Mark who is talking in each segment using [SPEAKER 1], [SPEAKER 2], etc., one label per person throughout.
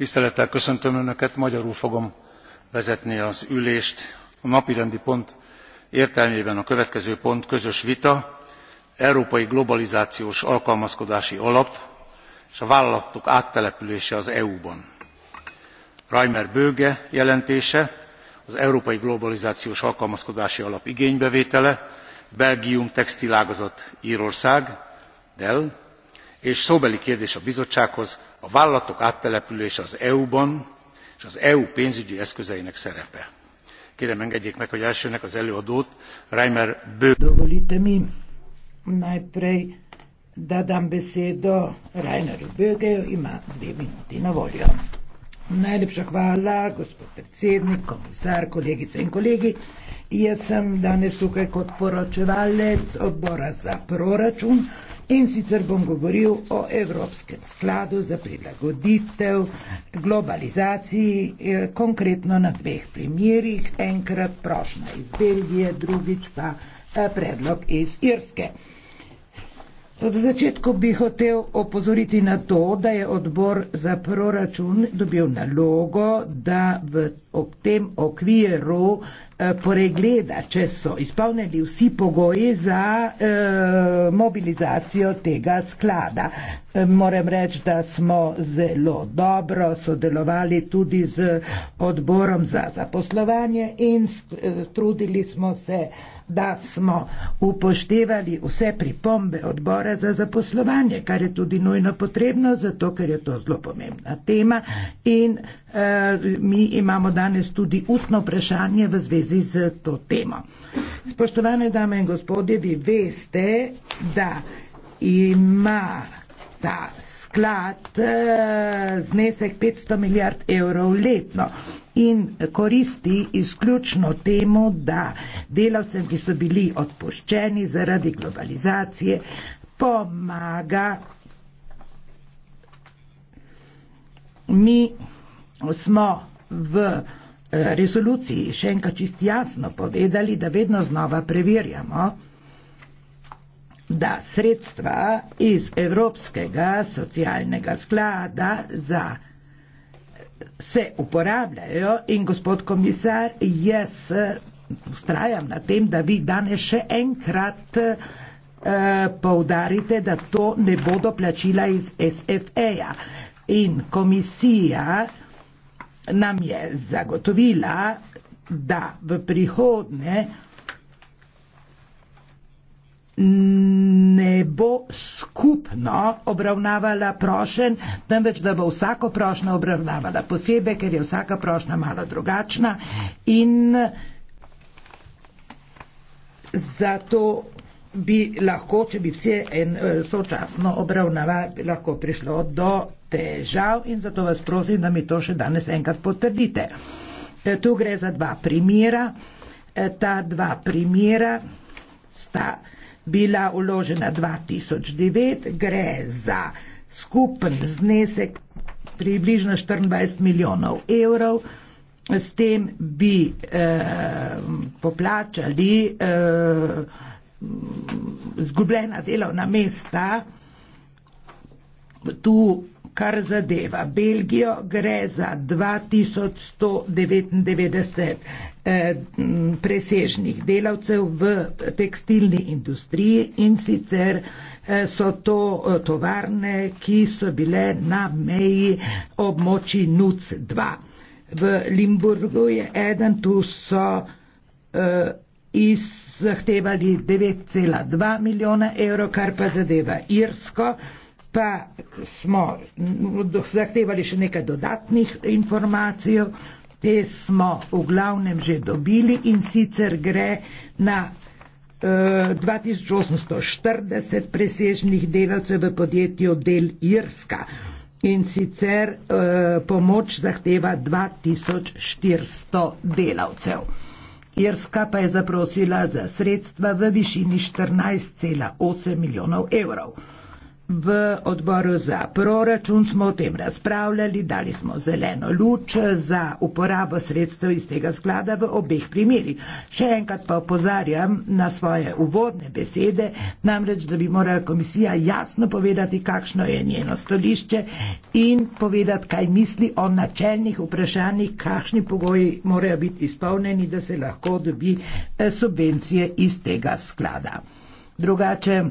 [SPEAKER 1] tisztelettel
[SPEAKER 2] köszöntöm önöket magyarul fogom
[SPEAKER 1] vezetni az ülést.
[SPEAKER 2] a napirendi pont értelmében a következő pont közös vita európai globalizációs alkalmazkodási alap és a vállalatok áttelepülése az eu ban reimer böge jelentése az európai globalizációs alkalmazkodási alap igénybevétele belgium textilágazat rország dell és szóbeli kérdés a bizottsághoz a vállalatok áttelepülése az eu ban és az eu pénzügyi eszközeinek szerepe. kérem engedjék meg hogy elsőnek az előadót reimer bögre dadám beszédo Rainer Böge, ima dve minuti na voljo. Najlepša hvala, gospod predsednik, komisar, kolegice in kolegi. Jaz sem danes tukaj kot poročevalec odbora za proračun. In sicer bom govoril o Evropskem skladu za prilagoditev globalizaciji, eh, konkretno na dveh primerjih, enkrat prošnja iz Belgije, drugič pa eh, predlog iz Irske. V začetku bi hotel opozoriti na to, da je odbor za proračun dobil nalogo, da v tem okviru eh, pregleda, če so izpolnili vsi pogoji za eh, mobilizacijo tega sklada. E, moram reči, da smo zelo dobro sodelovali tudi z odborom za zaposlovanje in e, trudili smo se, da smo upoštevali vse pripombe odbora za zaposlovanje, kar je tudi nujno potrebno, zato ker je to zelo pomembna tema. In eh, mi imamo danes tudi ustno vprašanje v zvezi z to temo. Spoštovane dame in gospodje, vi veste, da ima ta sklad eh, znesek 500 milijard evrov letno in koristi izključno temu, da delavcem, ki so bili odpuščeni zaradi globalizacije, pomaga. Mi smo v eh, resoluciji še enkrat čist jasno povedali, da vedno znova preverjamo, da sredstva iz Evropskega socialnega sklada za se uporabljajo in gospod komisar, jaz ustrajam eh, na tem, da vi danes še enkrat eh, poudarite, da to ne bodo plačila iz SFE-ja. In komisija nam je zagotovila, da v prihodnje eh, ne bo skupno obravnavala prošen, temveč da bo vsako prošnjo obravnavala posebej, ker je vsaka prošnja malo drugačna in zato bi lahko, če bi vse en, eh, sočasno obravnavali, lahko prišlo do težav in zato vas prosim, da mi to še danes enkrat potrdite. Eh, tu gre za dva primera. Eh, ta dva primera sta bila uložena 2009, gre za skupen znesek približno 24 milijonov evrov. S tem bi eh, poplačali eh, zgubljena delovna mesta. Tu, kar zadeva Belgijo, gre za 2199 Eh, presežnih delavcev v tekstilni industriji in sicer eh, so to eh, tovarne, ki so bile na meji območji NUC 2. V Limburgu je eden, tu so zahtevali 9,2 milijona evrov, kar pa zadeva Irsko. Pa smo zahtevali še nekaj dodatnih informacij te smo v glavnem že dobili in sicer gre na uh, eh, 2840 presežnih delavcev v podjetju Del Irska in sicer uh, pomoč zahteva 2400 delavcev. Irska pa je zaprosila za sredstva v višini 14,8 milijonov evrov. V odboru za proračun smo o tem razpravljali, dali smo zeleno luč za uporabo sredstev iz tega sklada v obeh primerih. Še enkrat pa opozarjam na svoje uvodne besede, namreč, da bi morala komisija jasno povedati, kakšno je njeno stolišče in povedati, kaj misli o načelnih vprašanjih, kakšni pogoji morajo biti izpolneni, da se lahko dobi eh, subvencije iz tega sklada. Drugače,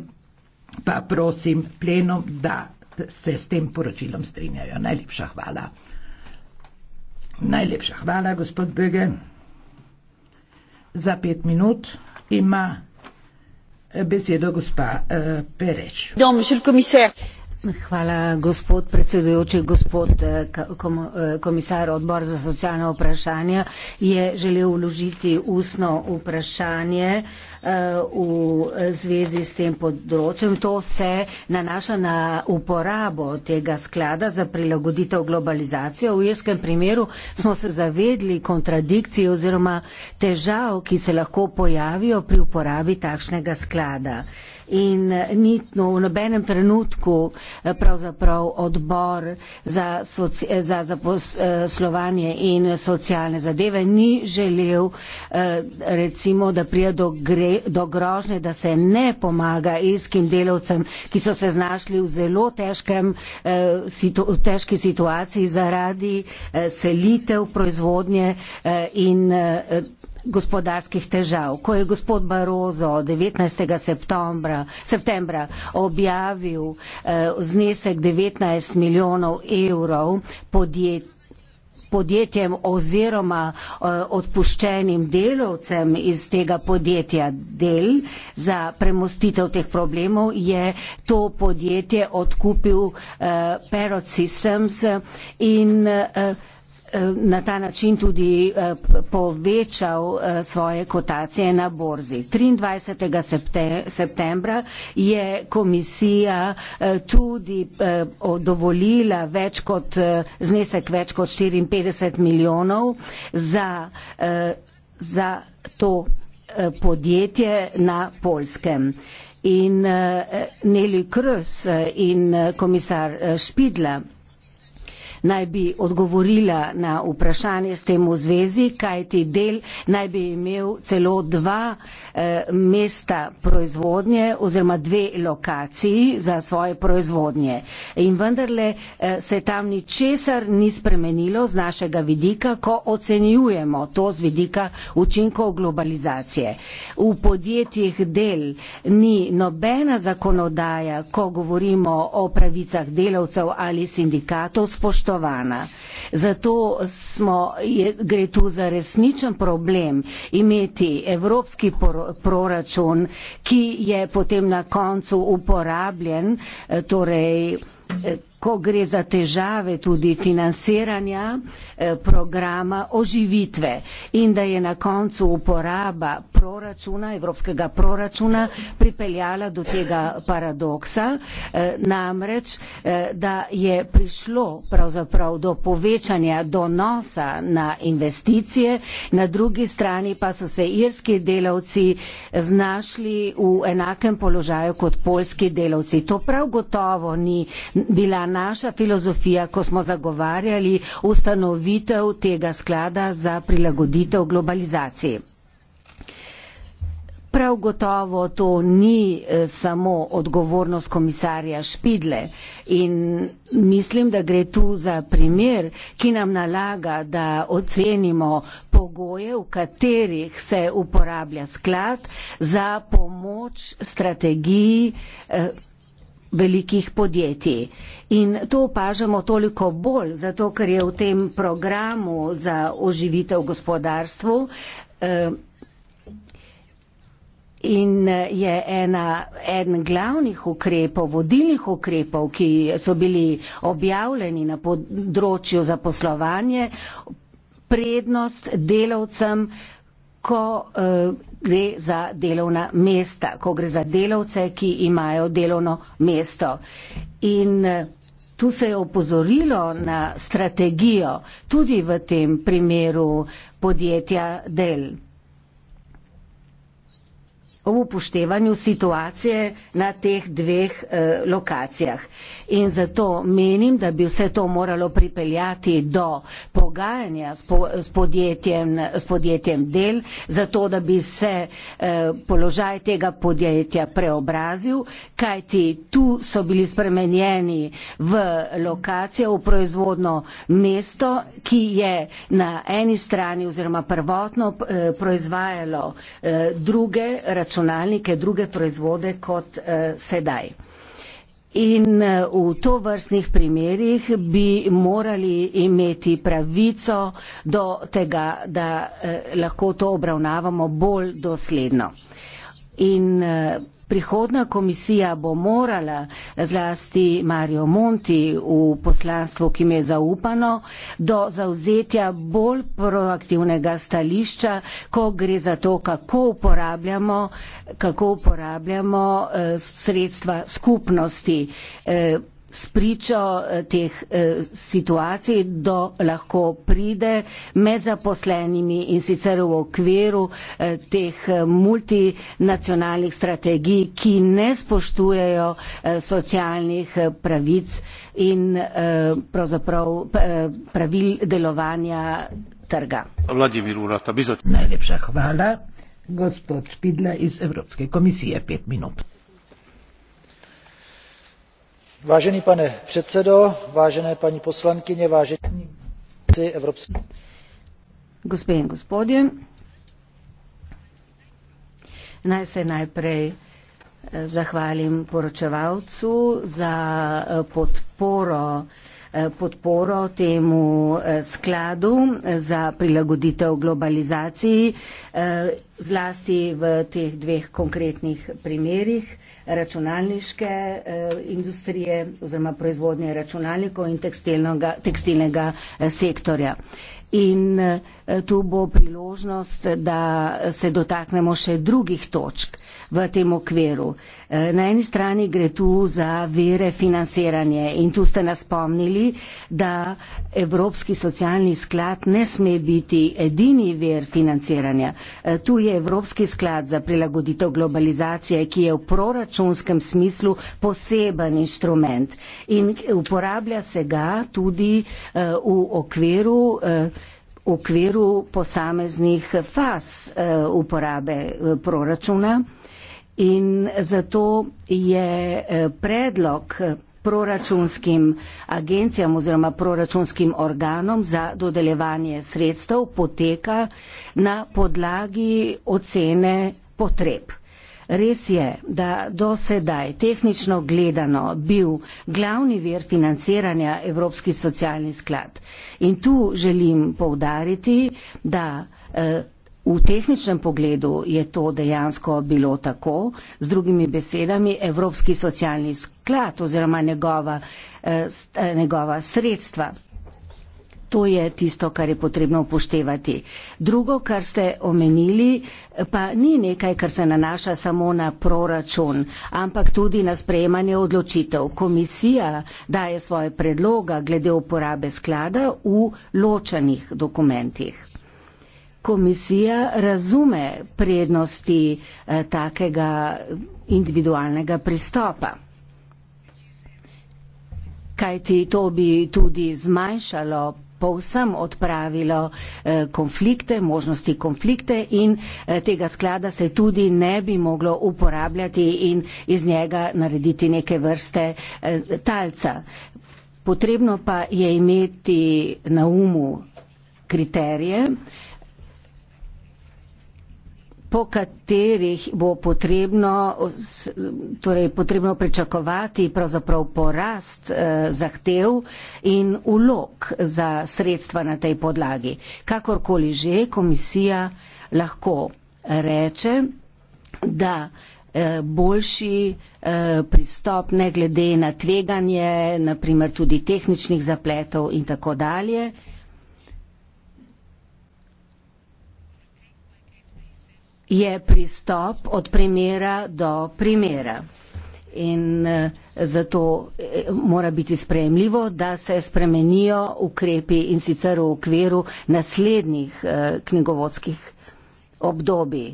[SPEAKER 2] pa prosim plenom, da se s tem poročilom strinjajo. Najlepša hvala. Najlepša hvala, gospod Böge. Za pet minut
[SPEAKER 3] ima besedo gospa uh, Pereč. Dom, Hvala, gospod predsedujoči, gospod eh, eh, komisar odbor za socialne vprašanja je želel vložiti ustno vprašanje eh, v zvezi s tem področjem. To se nanaša na uporabo tega sklada za prilagoditev globalizacijo. V irskem primeru smo se zavedli kontradikcije oziroma težav, ki se lahko pojavijo pri uporabi takšnega sklada in eh, ni no, v nobenem trenutku eh, pravzaprav odbor za, soci, eh, za zaposlovanje in socialne zadeve ni želel recimo, da prija do, do grožne, da se ne pomaga irskim delovcem, ki so se znašli v zelo težkem, situ, v težki situaciji zaradi selitev proizvodnje in gospodarskih težav. Ko je gospod Barozo 19. septembra objavil eh, znesek 19 milijonov evrov podjetja, podjetjem oziroma eh, odpuščenim delovcem iz tega podjetja del za premostitev teh problemov je to podjetje odkupil eh, Perot Systems in na ta način tudi eh, povečal eh, svoje kotacije na borzi. 23. septembra je komisija eh, tudi dovolila več kot, znesek več kot 54 milijonov za, za to podjetje na Polskem. In Neli Krs in komisar Špidla naj bi odgovorila na vprašanje s tem v zvezi, kajti del naj bi imel celo dva eh, mesta proizvodnje oziroma dve lokaciji za svoje proizvodnje. In vendarle eh, se tam ničesar ni spremenilo z našega vidika, ko ocenjujemo to z vidika učinkov globalizacije. V podjetjih del ni nobena zakonodaja, ko govorimo o pravicah delavcev ali sindikatov spoštovanja spoštovana. Zato smo, je, gre tu za resničen problem imeti evropski por, proračun, ki je potem na koncu uporabljen, eh, torej eh, ko gre za težave tudi financiranja eh, programa oživitve in da je na koncu uporaba proračuna, evropskega proračuna pripeljala do tega paradoksa, eh, namreč, eh, da je prišlo pravzaprav do povečanja donosa na investicije, na drugi strani pa so se irski delavci znašli v enakem položaju kot polski delavci. To prav gotovo ni bila naša filozofija, ko smo zagovarjali ustanovitev tega sklada za prilagoditev globalizaciji. Prav gotovo to ni eh, samo odgovornost komisarja Špidle in mislim, da gre tu za primer, ki nam nalaga, da ocenimo pogoje, v katerih se uporablja sklad za pomoč strategiji eh, velikih podjetij. In to opažamo toliko bolj, zato ker je v tem programu za oživitev gospodarstvu eh, in je ena, en glavnih ukrepov, vodilnih ukrepov, ki so bili objavljeni na področju zaposlovanje, prednost delavcem, ko eh, gre uh, za delovna mesta, ko gre za delavce, ki imajo delovno mesto. In uh, tu se je opozorilo na strategijo tudi v tem primeru podjetja Del. O upoštevanju situacije na teh dveh uh, lokacijah. Uh, in zato menim, da bi vse to moralo pripeljati do pogajanja s, po, s, podjetjem, s podjetjem del, zato da bi se eh, položaj tega podjetja preobrazil, kajti tu so bili spremenjeni v lokacijo, v proizvodno mesto, ki je na eni strani oziroma prvotno eh, proizvajalo eh, druge računalnike, druge proizvode kot eh, sedaj. In eh, v to vrstnih primerjih bi morali imeti pravico do tega, da eh, lahko to obravnavamo bolj dosledno. In eh, Prihodna komisija bo morala zlasti Mario Monti v poslanstvu, ki mi je zaupano, do zauzetja bolj proaktivnega stališča, ko gre za to, kako uporabljamo, kako uporabljamo eh, sredstva skupnosti. Eh, spričo eh, teh eh, situacij, do lahko pride med zaposlenimi in sicer v okviru eh, teh multinacionalnih strategij, ki ne spoštujejo socialnih pravic in pravzaprav pravil delovanja trga.
[SPEAKER 2] Vladimir Urata, bi začel. Najlepša hvala. Gospod Spidla iz Evropske komisije, pet minut. Vážený pane předsedo, vážené paní poslankyně, vážení poslanci
[SPEAKER 3] Evropské Gospodin, gospodin, naj se najprej eh, zahvalim poročevalcu za eh, podporo Eh, podporo temu eh, skladu eh, za prilagoditev globalizaciji, zlasti v teh dveh konkretnih primerih računalniške industrije oziroma proizvodnje računalnikov in tekstilnega sektorja. In tu bo priložnost, da se dotaknemo še drugih točk v tem okviru. Eh, na eni strani gre tu za vere financiranje in tu ste nas pomnili, da Evropski socialni sklad ne sme biti edini ver financiranja. Eh, tu je Evropski sklad za prilagoditev globalizacije, ki je v proračunskem smislu poseben instrument in uporablja se ga tudi eh, v okviru v okviru posameznih faz uporabe proračuna in zato je eh, predlog proračunskim agencijam oziroma proračunskim organom za dodeljevanje sredstev poteka na podlagi ocene potreb. Res je, da do sedaj tehnično gledano bil glavni vir financiranja Evropski socialni sklad in tu želim povdariti, da eh, V tehničnem pogledu je to dejansko bilo tako, z drugimi besedami, Evropski socialni sklad oziroma njegova, eh, eh, njegova sredstva. To je tisto, kar je potrebno upoštevati. Drugo, kar ste omenili, pa ni nekaj, kar se nanaša samo na proračun, ampak tudi na sprejemanje odločitev. Komisija daje svoje predloga glede uporabe sklada v ločenih dokumentih komisija razume prednosti eh, takega individualnega pristopa. Kajti to bi tudi zmanjšalo, povsem odpravilo eh, konflikte, možnosti konflikte in eh, tega sklada se tudi ne bi moglo uporabljati in iz njega narediti neke vrste eh, talca. Potrebno pa je imeti na umu kriterije, po katerih bo potrebno, torej potrebno pričakovati pravzaprav porast eh, zahtev in ulog za sredstva na tej podlagi. Kakorkoli že, komisija lahko reče, da eh, boljši eh, pristop, ne glede na tveganje, naprimer tudi tehničnih zapletov in tako dalje. je pristop od primera do primera. In eh, zato eh, mora biti spremljivo, da se spremenijo ukrepi in sicer v okviru naslednjih eh, knjigovodskih obdobij.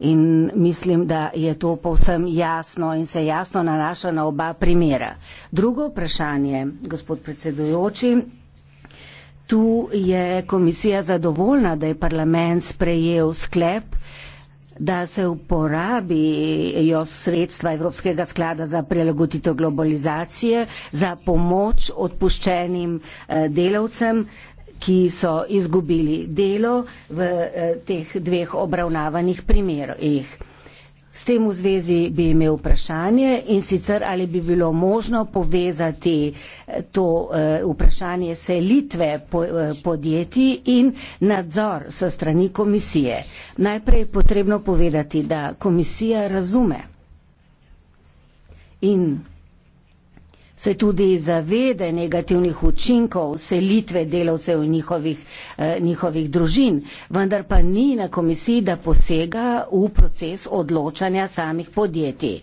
[SPEAKER 3] In mislim, da je to povsem jasno in se jasno nanaša na oba primera. Drugo vprašanje, gospod predsedujoči. Tu je komisija zadovoljna, da je parlament sprejel sklep, da se uporabijo sredstva Evropskega sklada za prilagoditev globalizacije za pomoč odpuščenim eh, delavcem, ki so izgubili delo v eh, teh dveh obravnavanih primerih. S tem v zvezi bi imel vprašanje in sicer ali bi bilo možno povezati eh, to eh, vprašanje selitve eh, podjetij in nadzor s strani komisije. Najprej je potrebno povedati, da komisija razume in se tudi zavede negativnih učinkov selitve delavcev in njihovih, eh, njihovih družin, vendar pa ni na komisiji, da posega v proces odločanja samih podjetij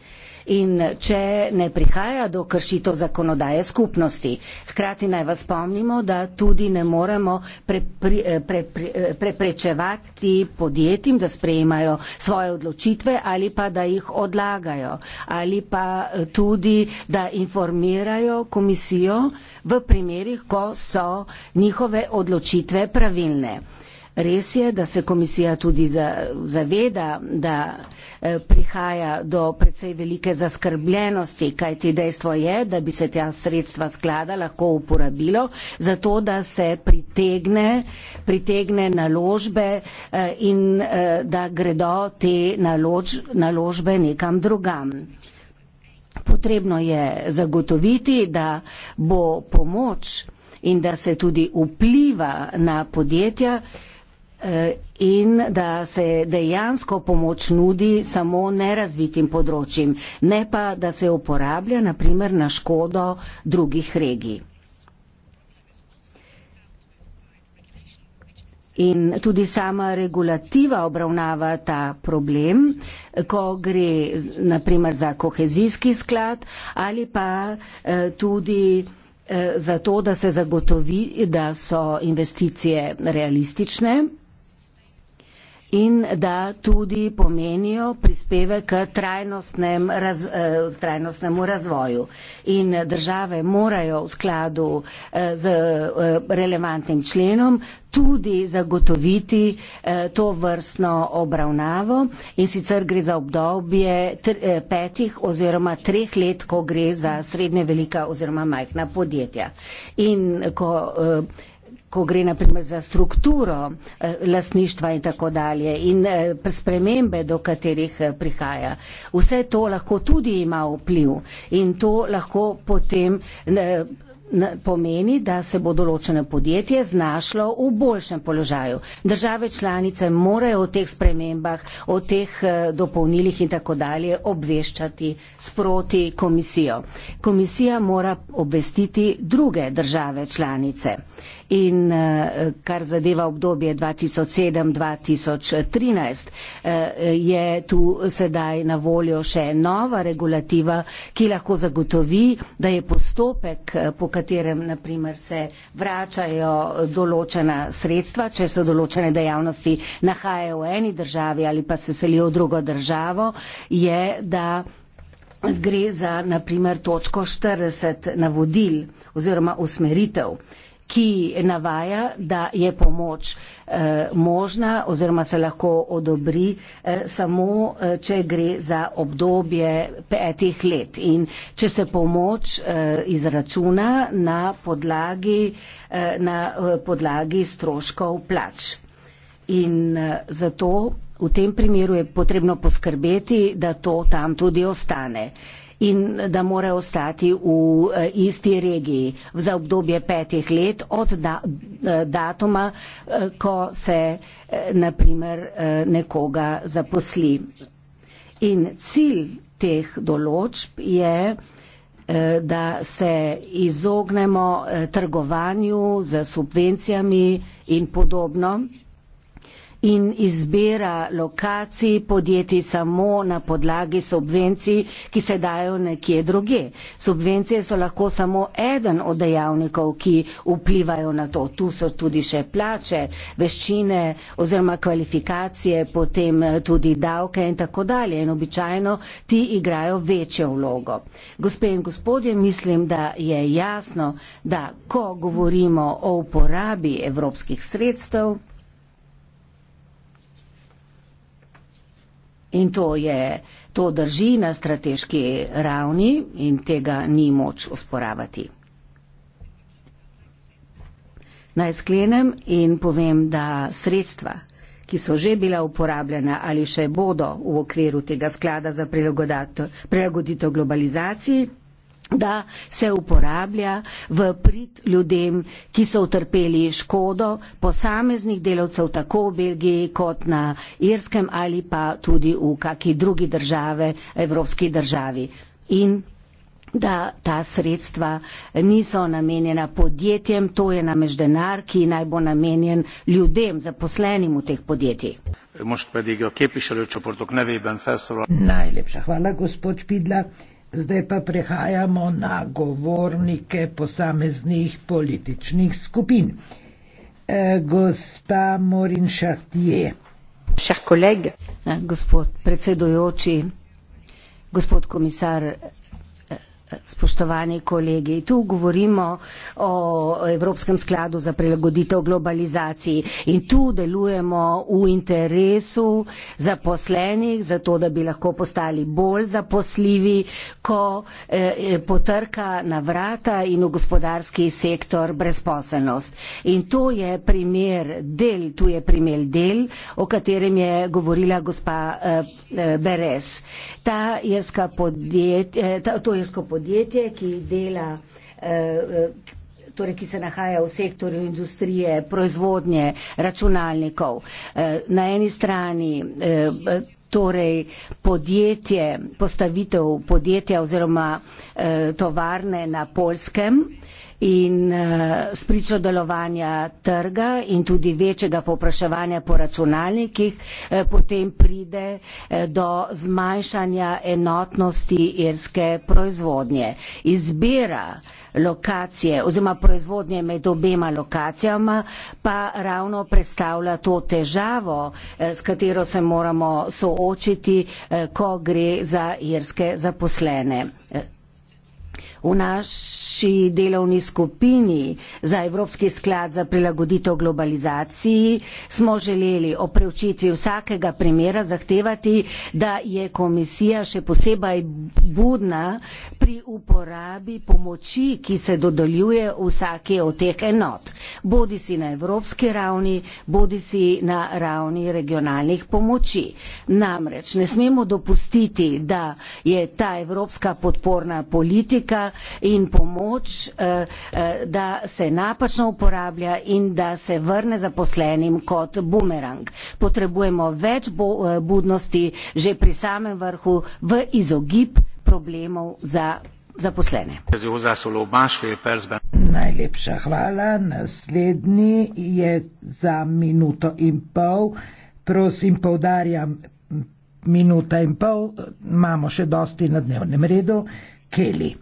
[SPEAKER 3] in če ne prihaja do kršitev zakonodaje skupnosti. Hkrati naj vas spomnimo, da tudi ne moremo prepri, eh, prepri, eh, preprečevati podjetjem, da sprejemajo svoje odločitve ali pa da jih odlagajo ali pa eh, tudi, da informirajo komisijo v primerih, ko so njihove odločitve pravilne. Res je, da se komisija tudi zaveda, da eh, prihaja do precej velike zaskrbljenosti, kajti dejstvo je, da bi se ta sredstva sklada lahko uporabilo za to, da se pritegne, pritegne naložbe eh, in eh, da gredo te nalož, naložbe nekam drugam. Potrebno je zagotoviti, da bo pomoč in da se tudi vpliva na podjetja, Eh, in da se dejansko pomoč nudi samo nerazvitim področjim, ne pa da se uporablja naprimer na škodo drugih regij. In tudi sama regulativa obravnava ta problem, ko gre naprimer za kohezijski sklad ali pa eh, tudi eh, zato, da se zagotovi, da so investicije realistične in da tudi pomenijo prispeve k trajnostnem, raz, eh, trajnostnemu razvoju. In države morajo v skladu eh, z eh, relevantnim členom tudi zagotoviti to vrstno obravnavo in sicer gre za obdobje petih oziroma treh let, ko gre za srednje velika oziroma majhna podjetja. In ko, ko gre naprimer za strukturo eh, lastništva in tako dalje in eh, spremembe, do katerih eh, prihaja. Vse to lahko tudi ima vpliv in to lahko potem pomeni, da se bo določeno podjetje znašlo v boljšem položaju. Države članice morajo o teh spremembah, o teh dopolnilih in tako dalje obveščati sproti komisijo. Komisija mora obvestiti druge države članice in eh, kar zadeva obdobje 2007-2013, eh, je tu sedaj na voljo še nova regulativa, ki lahko zagotovi, da je postopek, eh, po katerem naprimer se vračajo določena sredstva, če so določene dejavnosti nahajajo v eni državi ali pa se selijo v drugo državo, je, da gre za naprimer točko 40 navodil oziroma usmeritev ki navaja, da je pomoč eh, možna oziroma se lahko odobri eh, samo, eh, če gre za obdobje petih let. In če se pomoč izračuna na podlagi, na podlagi stroškov plač. In zato v tem primeru je potrebno poskrbeti, da to tam tudi ostane in da mora ostati v eh, isti regiji za obdobje petih let od eh, datuma, eh, ko se naprimer nekoga zaposli. In cilj teh določb je, da se izognemo trgovanju z subvencijami in podobno in izbira lokacij podjetij samo na podlagi subvencij, ki se dajo nekje druge. Subvencije so lahko samo eden od dejavnikov, ki vplivajo na to. Tu so tudi še plače, veščine oziroma kvalifikacije, potem eh, tudi davke in tako dalje. In običajno ti igrajo večjo vlogo. Gospe in gospodje, mislim, da je jasno, da ko govorimo o uporabi evropskih sredstev, In to, je, to drži na strateški ravni in tega ni moč osporavati. Naj sklenem in povem, da sredstva, ki so že bila uporabljena ali še bodo v okviru tega sklada za prilagoditev globalizaciji, da se uporablja v prid ljudem, ki so utrpeli škodo posameznih delavcev tako v Belgiji kot na Irskem ali pa tudi v kaki drugi države, evropski državi. In da ta sredstva niso namenjena podjetjem, to je namreč denar, ki naj bo namenjen ljudem, zaposlenim v teh podjetjih.
[SPEAKER 2] Najlepša
[SPEAKER 3] hvala, gospod Špidla. Zdaj pa prehajamo na
[SPEAKER 2] govornike posameznih političnih skupin. E,
[SPEAKER 3] gospa Morin Šartije. Šah kolega. Gospod predsedujoči, gospod komisar spoštovani kolegi. Tu govorimo o Evropskem skladu za prilagoditev globalizaciji in tu delujemo v interesu zaposlenih, zato da bi lahko postali bolj zaposljivi, ko eh, potrka na vrata in v gospodarski sektor brezposelnost. In to je primer del, tu je primer del, o katerem je govorila gospa eh, eh Beres. Ta jerska podjetja, eh, to jersko podjetje podjetje, ki dela. Uh, torej, ki se nahaja v sektorju industrije, proizvodnje, računalnikov. Eh, na eni strani torej podjetje, postavitev podjetja oziroma tovarne na polskem, in eh, s pričo delovanja trga in tudi večjega popraševanja po računalnikih, eh, potem pride eh, do zmanjšanja enotnosti irske proizvodnje. Izbira lokacije oziroma proizvodnje med obema lokacijama pa ravno predstavlja to težavo, s katero se moramo soočiti, ko gre za irske zaposlene. V naši delovni skupini za Evropski sklad za prilagoditev globalizaciji smo želeli o preučitvi vsakega primera zahtevati, da je komisija še posebej budna pri uporabi pomoči, ki se dodeljuje vsake od teh enot, bodi si na evropski ravni, bodi si na ravni regionalnih pomoči. Namreč ne smemo dopustiti, da je ta evropska podporna politika, in pomoč, eh, eh, da se napačno uporablja in da se vrne zaposlenim kot bumerang. Potrebujemo več eh, budnosti že pri samem vrhu v izogib problemov za zaposlene. Najlepša hvala. Naslednji je
[SPEAKER 2] za minuto in pol. Prosim, povdarjam, minuta in pol, imamo še dosti na dnevnem redu. Kelly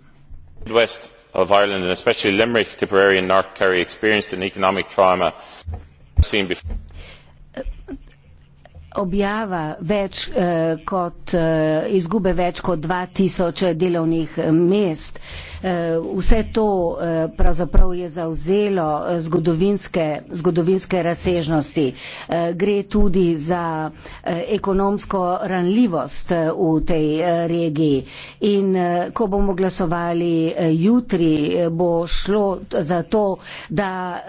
[SPEAKER 1] the mid west of ireland and especially limerick tipperary and north kerry experienced an economic trauma never seen before.
[SPEAKER 3] objava več eh, kot eh, izgube več kot dva tisoč delovnih mest eh, Eh, vse to eh, pravzaprav je zauzelo eh, zgodovinske, zgodovinske razsežnosti. Gre tudi za ekonomsko ranljivost v tej regiji. In ko bomo glasovali jutri, bo šlo za to, da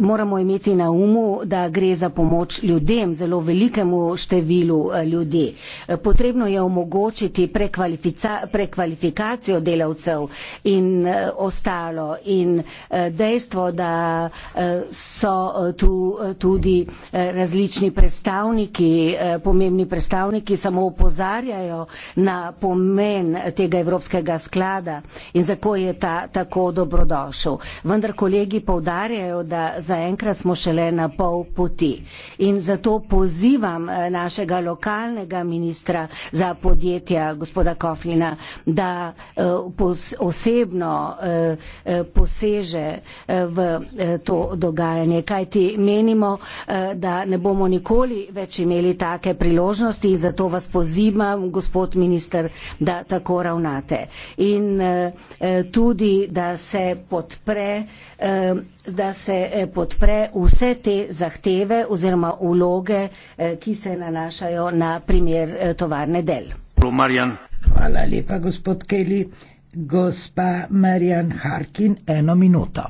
[SPEAKER 3] moramo imeti na umu, da gre za pomoč ljudem, zelo velikemu številu ljudi. Potrebno je omogočiti prekvalifikacijo delavcev, in eh, ostalo. In eh, dejstvo, da eh, so tu tudi različni predstavniki, pomembni predstavniki, samo opozarjajo na pomen tega Evropskega sklada in zako je ta tako dobrodošel. Vendar kolegi povdarjajo, da zaenkrat smo šele na pol poti. In zato pozivam našega lokalnega ministra za podjetja, gospoda Koflina, da uh, pos, osebno eh, eh, poseže eh, v to dogajanje, kajti menimo, da ne bomo nikoli več imeli take priložnosti in zato vas pozivam, gospod minister, da tako ravnate. In tudi, da se podpre da se podpre vse te zahteve oziroma uloge, ki se nanašajo na primer tovarne del.
[SPEAKER 1] Hvala
[SPEAKER 3] lepa, gospod Kelly gospa
[SPEAKER 2] Marjan Harkin eno minuto.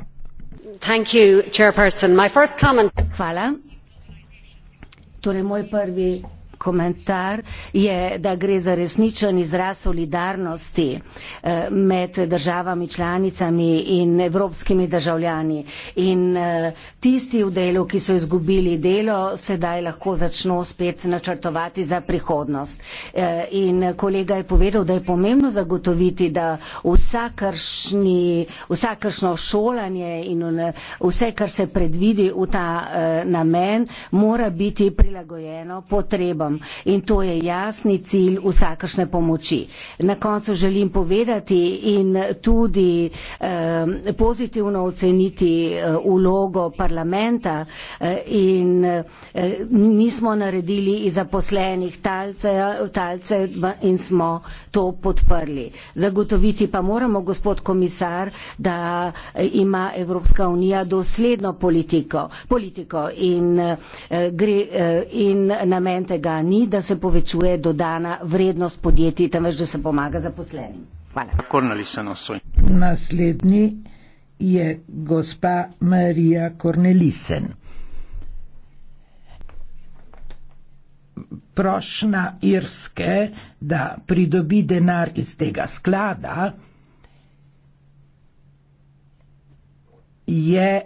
[SPEAKER 3] Hvala. Torej, moj prvi komentar je, da gre za resničen izraz solidarnosti eh, med državami članicami in evropskimi državljani. In eh, tisti v delu, ki so izgubili delo, sedaj lahko začno spet načrtovati za prihodnost. Eh, in kolega je povedal, da je pomembno zagotoviti, da vsakršni, vsakršno šolanje in vse, kar se predvidi v ta namen, mora biti prilagojeno potrebam nam in to je jasni cilj vsakašne pomoči. Na koncu želim povedati in tudi eh, pozitivno oceniti eh, ulogo parlamenta eh, in eh, nismo naredili iz zaposlenih talce, talce in smo to podprli. Zagotoviti pa moramo, gospod komisar, da eh, ima Evropska unija dosledno politiko, politiko in, eh, gre, eh, in namen tega ni, da se povečuje dodana vrednost podjetij, temveč da se pomaga zaposlenim.
[SPEAKER 2] Hvala. Naslednji je gospa Marija Kornelisen. Prošnja Irske, da pridobi denar iz tega sklada, je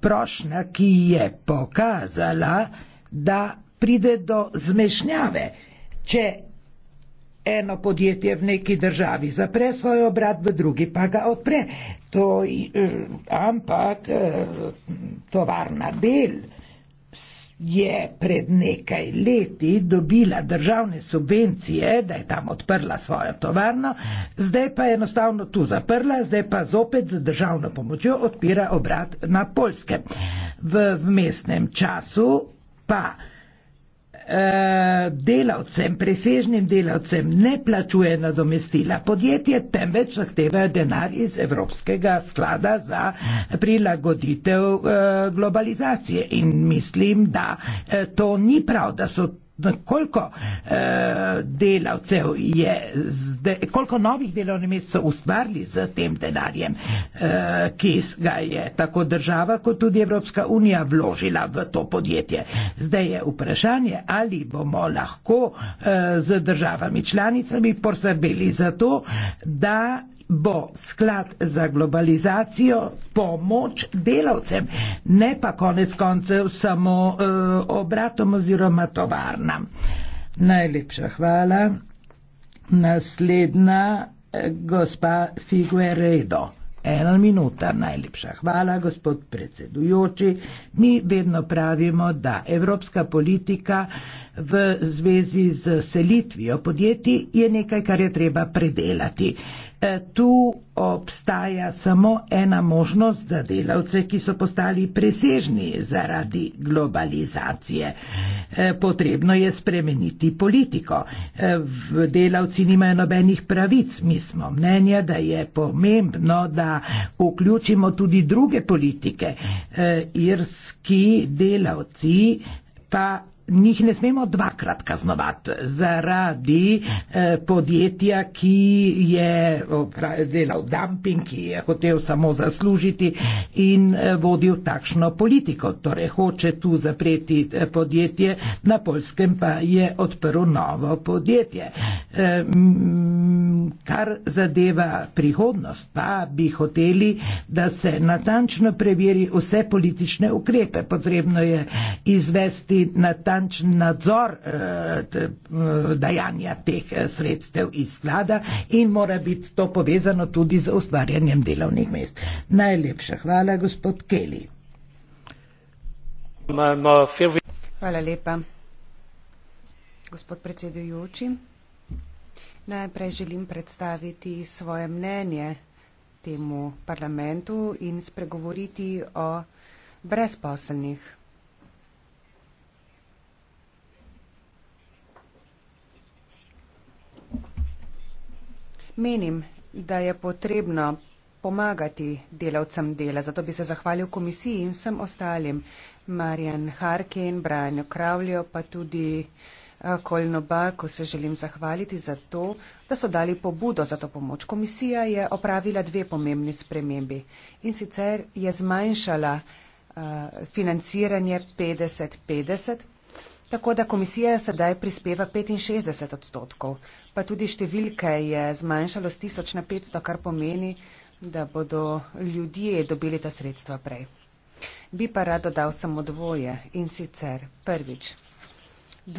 [SPEAKER 2] prošnja, ki je pokazala, da pride do zmešnjave, če eno podjetje v neki državi zapre svoj obrat, v drugi pa ga odpre. To, eh, ampak eh, tovarna del je pred nekaj leti dobila državne subvencije, da je tam odprla svojo tovarno, zdaj pa je enostavno tu zaprla, zdaj pa zopet z državno pomočjo odpira obrat na Poljskem. V mestnem času pa eh, delavcem, presežnim delavcem ne plačuje nadomestila podjetje, temveč zahtevajo denar iz Evropskega sklada za prilagoditev eh, globalizacije. In mislim, da eh, to ni prav, da so koliko eh, delavcev je, zde, koliko novih delovnih mest so ustvarili z tem denarjem, eh, ki ga je tako država kot tudi Evropska unija vložila v to podjetje. Zdaj je vprašanje, ali bomo lahko eh, z državami članicami poskrbeli za to, da bo sklad za globalizacijo pomoč delavcem, ne pa konec koncev samo e, obratom oziroma tovarnam. Najlepša hvala. Naslednja eh, gospa Figueredo. Ena minuta, najlepša hvala, gospod predsedujoči. Mi vedno pravimo, da evropska politika v zvezi z selitvijo podjetij je nekaj, kar je treba predelati. E, tu obstaja samo ena možnost za delavce, ki so postali presežni zaradi globalizacije. E, potrebno je spremeniti politiko. E, delavci nimajo nobenih pravic. Mi smo mnenja, da je pomembno, da vključimo tudi druge politike. Irski delavci pa njih ne smemo dvakrat kaznovati zaradi eh, podjetja, ki je eh, delal dumping, ki je hotel samo zaslužiti in eh, vodil takšno politiko. Torej hoče tu zapreti eh, podjetje, na polskem pa je odprl novo podjetje. Eh, kar zadeva prihodnost, pa bi hoteli, da se natančno preveri vse politične ukrepe. Potrebno je izvesti natančno finančen nadzor eh, eh, dajanja teh eh, sredstev iz sklada in mora biti to povezano tudi z ustvarjanjem delovnih mest. Najlepša hvala, gospod Keli.
[SPEAKER 1] Hvala lepa. Gospod predsedujoči, najprej želim predstaviti svoje mnenje temu parlamentu in spregovoriti o brezposelnih. Menim, da je potrebno pomagati delavcem dela, zato bi se zahvalil komisiji in vsem ostalim, Marjan Harkin, Brajanju Kravljo, pa tudi Kolno eh, Balko se želim zahvaliti za to, da so dali pobudo za to pomoč. Komisija je opravila dve pomembni spremembi in sicer je zmanjšala eh, financiranje 50-50, Tako da komisija sedaj prispeva 65 odstotkov, pa tudi številke je zmanjšalo z 1000 na 500, kar pomeni, da bodo ljudje dobili ta sredstva prej. Bi pa rad dodal samo dvoje in sicer prvič.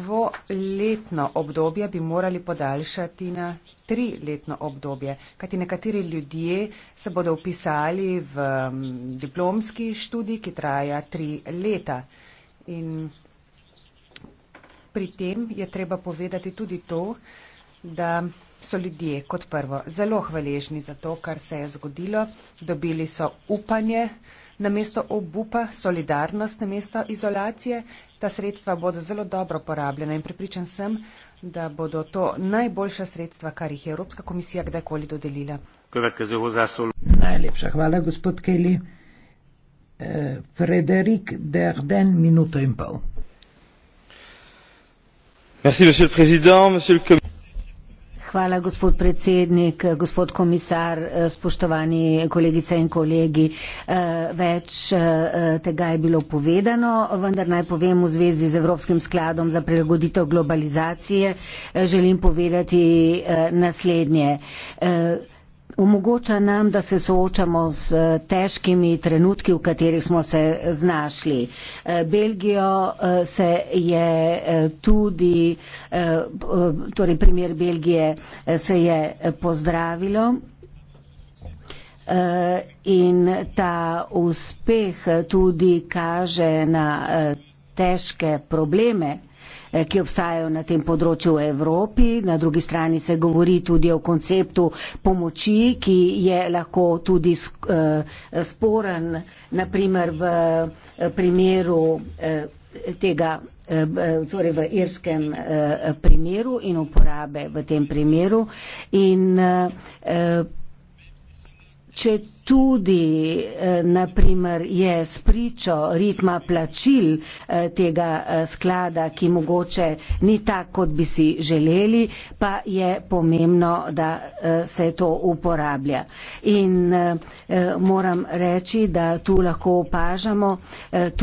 [SPEAKER 1] Dvoletno obdobje bi morali podaljšati na triletno obdobje, kajti nekateri ljudje se bodo upisali v diplomski študij, ki traja tri leta. In Pri tem je treba povedati tudi to, da so ljudje kot prvo zelo hvaležni za to, kar se je zgodilo. Dobili so upanje na mesto obupa, solidarnost na mesto izolacije. Ta sredstva bodo zelo dobro porabljena in pripričan sem, da bodo to najboljša sredstva, kar jih je Evropska komisija kdajkoli dodelila. Najlepša hvala, gospod Keli. Eh, Frederik
[SPEAKER 2] Derden, minuto in pol monsieur le
[SPEAKER 3] président monsieur le Hvala, gospod predsednik, gospod komisar, eh, spoštovani kolegice in kolegi. Eh, več eh, tega je bilo povedano, vendar naj povem v zvezi z Evropskim skladom za prilagoditev globalizacije. Želim povedati naslednje omogoča nam, da se soočamo z eh, težkimi trenutki, v kateri smo se znašli. Eh, Belgijo eh, se je tudi, torej primer Belgije se je pozdravilo. In ta uspeh tudi kaže na težke probleme, Eh, ki obstajajo na tem področju v Evropi. Na drugi strani se govori tudi o konceptu pomoči, ki je lahko tudi eh, sporen, naprimer v eh, primeru tega, torej v irskem primeru in uporabe v tem primeru. In, če tudi, eh, naprimer, je spričo ritma plačil eh, tega eh, sklada, ki mogoče ni tak, kot bi si želeli, pa je pomembno, da se to uporablja. In moram reči, da tu lahko opažamo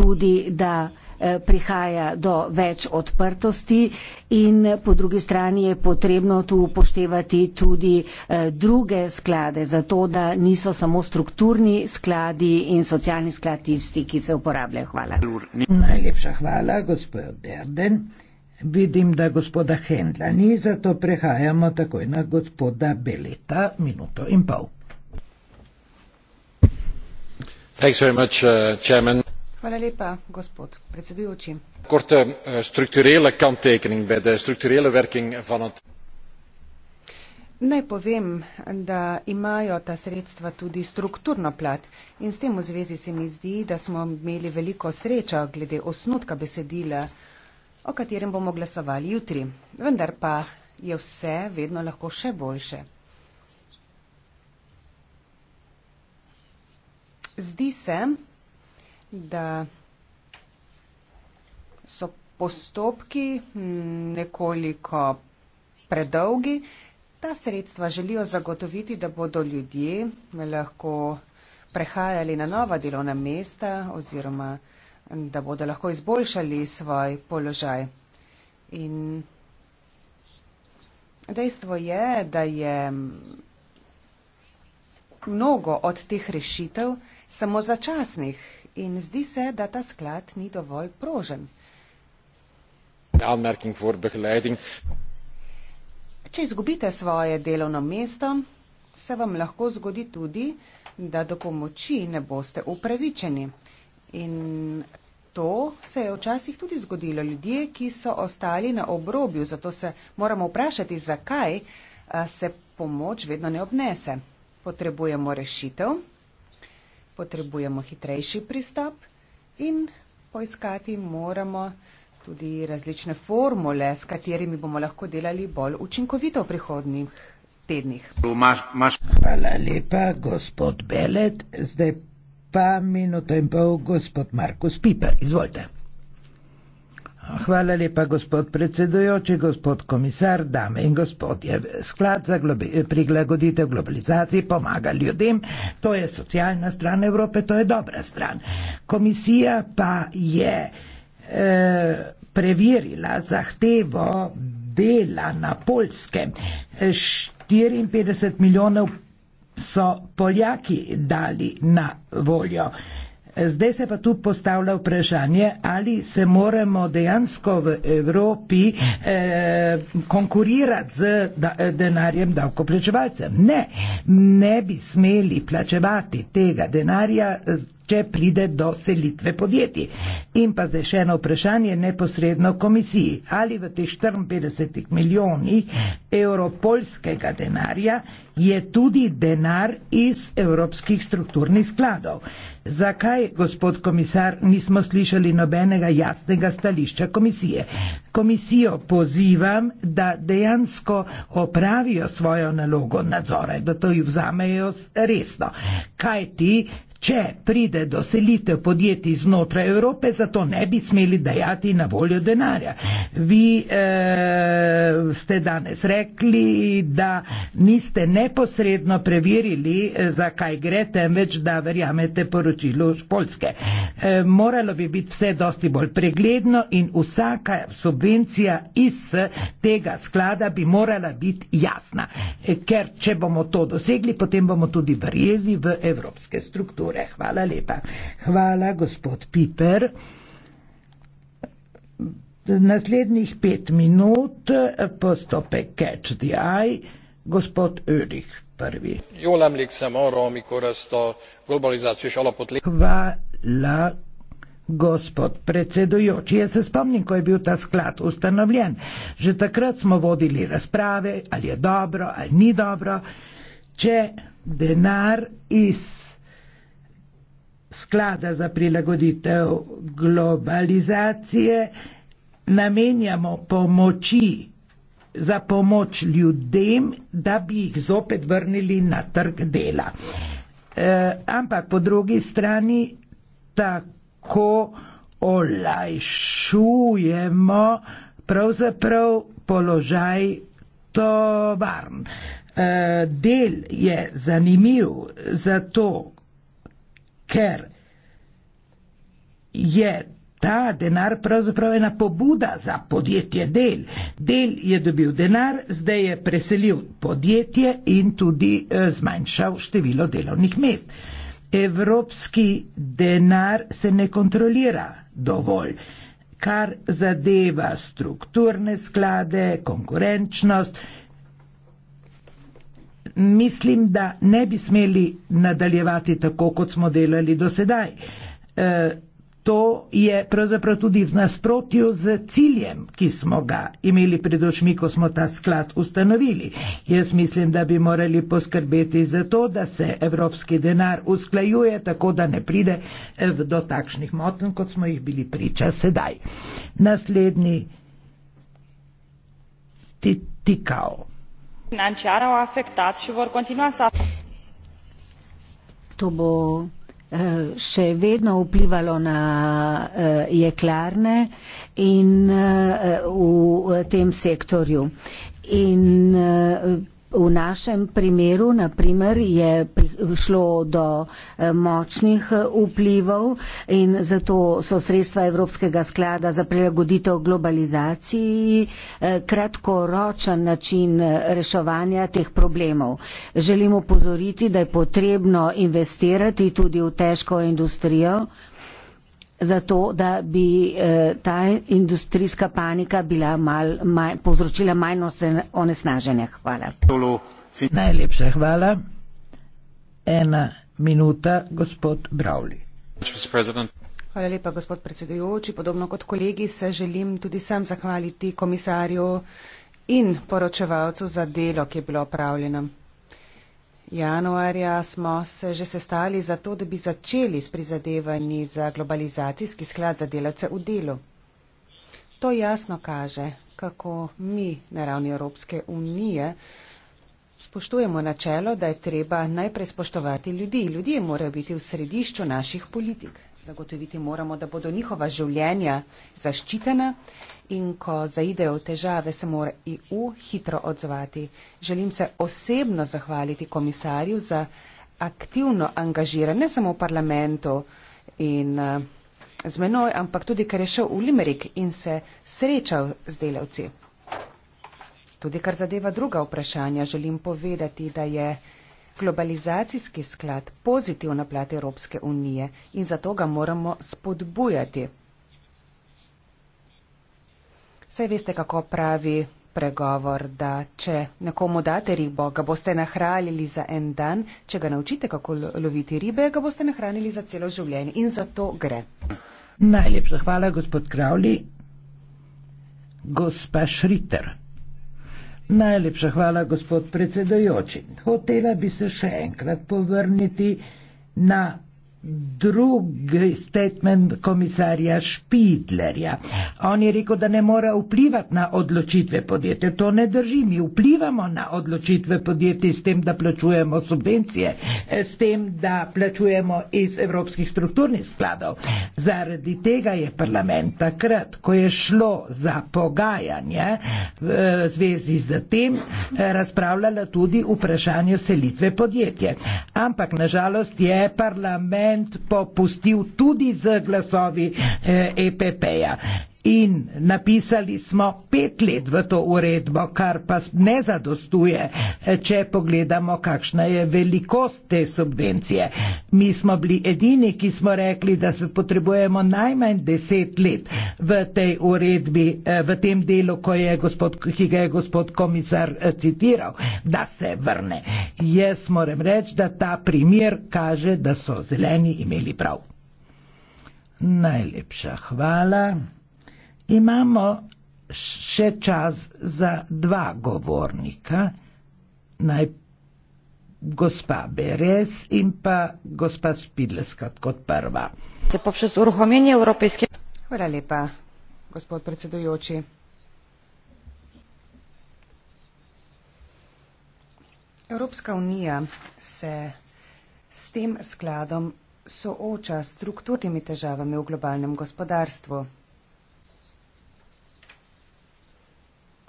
[SPEAKER 3] tudi, da Eh, prihaja do več odprtosti in po drugi strani je potrebno tu upoštevati tudi eh, druge sklade, zato da niso samo strukturni skladi in socialni sklad tisti, ki se uporabljajo. Hvala.
[SPEAKER 2] Najlepša hvala, gospod Derden. Vidim, da gospoda Hendla ni, zato prehajamo takoj na gospoda Beleta, minuto in pol.
[SPEAKER 1] Thanks very much, uh, Chairman. Hvala lepa, gospod predsedujoči. Korte eh, strukturele kanttekening bij de strukturele
[SPEAKER 2] werking van het.
[SPEAKER 1] Naj povem, da imajo ta sredstva tudi strukturno plat in s tem v zvezi se mi zdi, da smo imeli veliko srečo glede osnutka besedila, o katerem bomo glasovali jutri. Vendar pa je vse vedno lahko še boljše. Zdi se, da so postopki hm, nekoliko predolgi. Ta sredstva želijo zagotoviti, da bodo ljudje lahko prehajali na nova delovna mesta oziroma hm, da bodo lahko izboljšali svoj položaj. In dejstvo je, da je hm, mnogo od teh rešitev samo začasnih in zdi se, da ta sklad ni dovolj prožen. Če izgubite svoje delovno mesto, se vam lahko zgodi tudi, da do pomoči ne boste upravičeni. In to se je včasih tudi zgodilo ljudje, ki so ostali na obrobju, zato se moramo vprašati, zakaj se pomoč vedno ne obnese. Potrebujemo rešitev potrebujemo hitrejši pristop in poiskati moramo tudi različne formule, s katerimi bomo lahko delali bolj učinkovito v prihodnjih tednih. Hvala lepa, gospod
[SPEAKER 2] Belet. Zdaj pa minuto in pol, gospod Markus Piper. Izvolite. Hvala lepa, gospod predsedujoči, gospod komisar, dame in gospodje. Sklad za globi, priglagoditev globalizaciji pomaga ljudem, to je socialna stran Evrope, to je dobra stran. Komisija pa je e, preverila zahtevo dela na Polske. 54 milijonov so Poljaki dali na voljo. Zdaj se pa tu postavlja vprašanje, ali se moramo dejansko v Evropi eh, konkurirati z denarjem davkoplačevalcev. Ne, ne bi smeli plačevati tega denarja eh, če pride do selitve podjetij. In pa zdaj še eno vprašanje neposredno komisiji. Ali v teh 54 milijonih evropolskega denarja je tudi denar iz evropskih strukturnih skladov? Zakaj, gospod komisar, nismo slišali nobenega jasnega stališča komisije? Komisijo pozivam, da dejansko opravijo svojo nalogo nadzora, da to jih vzamejo resno. Kaj ti, Če pride do selitev podjetij znotraj Evrope, zato ne bi smeli dajati na voljo denarja. Vi e, ste danes rekli, da niste neposredno preverili, eh, zakaj gre, temveč da verjamete poročilu Špolske. E, eh, moralo bi biti vse dosti bolj pregledno in vsaka subvencija iz tega sklada bi morala biti jasna. E, ker če bomo to dosegli, potem bomo tudi verjeli v evropske strukture ure. Hvala lepa. Hvala, gospod Piper. Naslednjih pet minut postopek Catch the Eye, gospod Ulrich prvi.
[SPEAKER 1] Jól emlékszem arra, amikor ezt a globalizációs alapot lé...
[SPEAKER 2] Hvala, gospod predsedujoči. Jaz se spomnim, ko je bil ta sklad ustanovljen. Že takrat smo vodili razprave, ali je dobro, ali ni dobro. Če denar iz sklada za prilagoditev globalizacije namenjamo pomoči za pomoč ljudem, da bi jih zopet vrnili na trg dela. E, ampak po drugi strani tako olajšujemo pravzaprav položaj tovarn. E, del je zanimiv zato, ker je ta denar pravzaprav ena pobuda za podjetje del. Del je dobil denar, zdaj je preselil podjetje in tudi eh, zmanjšal število delovnih mest. Evropski denar se ne kontrolira dovolj, kar zadeva strukturne sklade, konkurenčnost, mislim, da ne bi smeli nadaljevati tako, kot smo delali do sedaj. E, to je pravzaprav tudi v nasprotju z ciljem, ki smo ga imeli pred očmi, ko smo ta sklad ustanovili. Jaz mislim, da bi morali poskrbeti za to, da se evropski denar usklajuje tako, da ne pride e, do takšnih moten, kot smo jih bili priča sedaj. Naslednji.
[SPEAKER 3] Ti, ti
[SPEAKER 2] kao
[SPEAKER 1] financiară au afectat și vor continua să
[SPEAKER 3] To bo eh, še vedno vplivalo na eh, jeklarne in eh, v tem sektorju. In V našem primeru, naprimer, je prišlo do eh, močnih eh, vplivov in zato so sredstva Evropskega sklada za prilagoditev globalizaciji eh, kratkoročen način reševanja teh problemov. Želimo pozoriti, da je potrebno investirati tudi v težko industrijo zato, da bi eh, ta industrijska panika bila mal, mal, povzročila manj onesnaženja.
[SPEAKER 2] Hvala. Najlepša hvala. Ena minuta, gospod Brauli.
[SPEAKER 1] Hvala lepa, gospod predsedujoči. Podobno kot kolegi se želim tudi sam zahvaliti komisarju in poročevalcu za delo, ki je bilo opravljeno. Januarja smo se že sestali za to, da bi začeli s prizadevanji za globalizacijski sklad za delavce v delu. To jasno kaže, kako mi na ravni Evropske unije spoštujemo načelo, da je treba najprej spoštovati ljudi. Ljudje morajo biti v središču naših politik. Zagotoviti moramo, da bodo njihova življenja zaščitena in ko zaidejo v težave, se mora EU hitro odzvati. Želim se osebno zahvaliti komisarju za aktivno angažiranje, ne samo v parlamentu in eh, z menoj, ampak tudi, ker je šel v Limerik in se srečal z delavci. Tudi, kar zadeva druga vprašanja, želim povedati, da je globalizacijski sklad pozitivna plat Evropske unije in zato ga moramo spodbujati. Saj veste, kako pravi pregovor, da če nekomu date ribo, ga boste nahranili za en dan, če ga naučite, kako loviti ribe, ga boste nahranili za celo življenje. In za to gre.
[SPEAKER 2] Najlepša hvala, gospod Kravli. Gospa Šriter. Najlepša hvala, gospod predsedojoči. Hotela bi se še enkrat povrniti na drugi statement komisarja Špidlerja. On je rekel, da ne mora vplivati na odločitve podjetja. To ne drži. Mi vplivamo na odločitve podjetij s tem, da plačujemo subvencije, s tem, da plačujemo iz evropskih strukturnih skladov. Zaradi tega je parlament takrat, ko je šlo za pogajanje eh, v zvezi z tem, eh, razpravljala tudi vprašanje selitve podjetja. Ampak nažalost je parlament parlament popustil tudi z glasovi EPP-ja. Eh, e In napisali smo pet let v to uredbo, kar pa ne zadostuje, če pogledamo, kakšna je velikost te subvencije. Mi smo bili edini, ki smo rekli, da se potrebujemo najmanj deset let v tej uredbi, eh, v tem delu, gospod, ki ga je gospod komisar eh, citiral, da se vrne. Jaz moram reči, da ta primer kaže, da so zeleni imeli prav. Najlepša hvala imamo še čas za dva govornika, naj gospa Beres in pa gospa Spidleska kot prva.
[SPEAKER 1] Hvala lepa, gospod predsedujoči. Evropska unija se s tem skladom sooča s strukturnimi težavami v globalnem gospodarstvu.